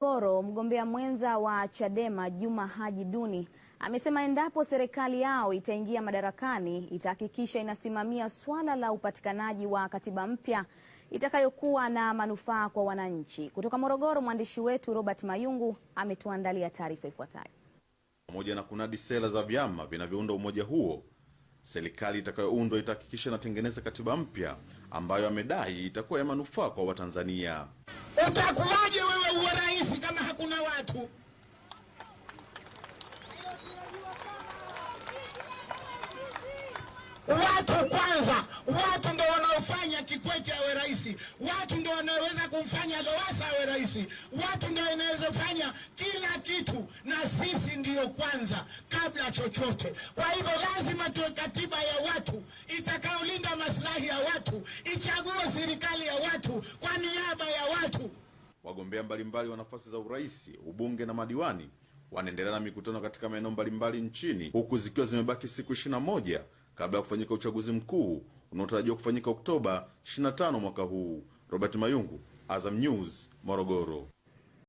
Koro mgombea mwenza wa Chadema Juma Haji Duni amesema endapo serikali yao itaingia madarakani itahakikisha inasimamia swala la upatikanaji wa katiba mpya itakayokuwa na manufaa kwa wananchi. Kutoka Morogoro, mwandishi wetu Robert Mayungu ametuandalia taarifa ifuatayo. Pamoja na kunadi sera za vyama vinavyounda umoja huo, serikali itakayoundwa itahakikisha inatengeneza katiba mpya ambayo amedai itakuwa ya manufaa kwa Watanzania. Utakuwaje wewe uwe rais kama hakuna watu? Watu kwanza, watu ndo wanaofanya Kikwete awe rais, watu ndo wanaweza kumfanya Lowassa awe rais, watu ndo wanaweza fanya kila kitu, na sisi ndiyo kwanza kabla chochote. Kwa hivyo lazima tuwe katiba ya watu itakayolinda maslahi ya watu Wagombea mbalimbali wa nafasi za urais, ubunge na madiwani wanaendelea na mikutano katika maeneo mbalimbali nchini huku zikiwa zimebaki siku 21 moja kabla ya kufanyika uchaguzi mkuu unaotarajiwa kufanyika Oktoba 25 mwaka huu. Robert Mayungu, Azam News, Morogoro.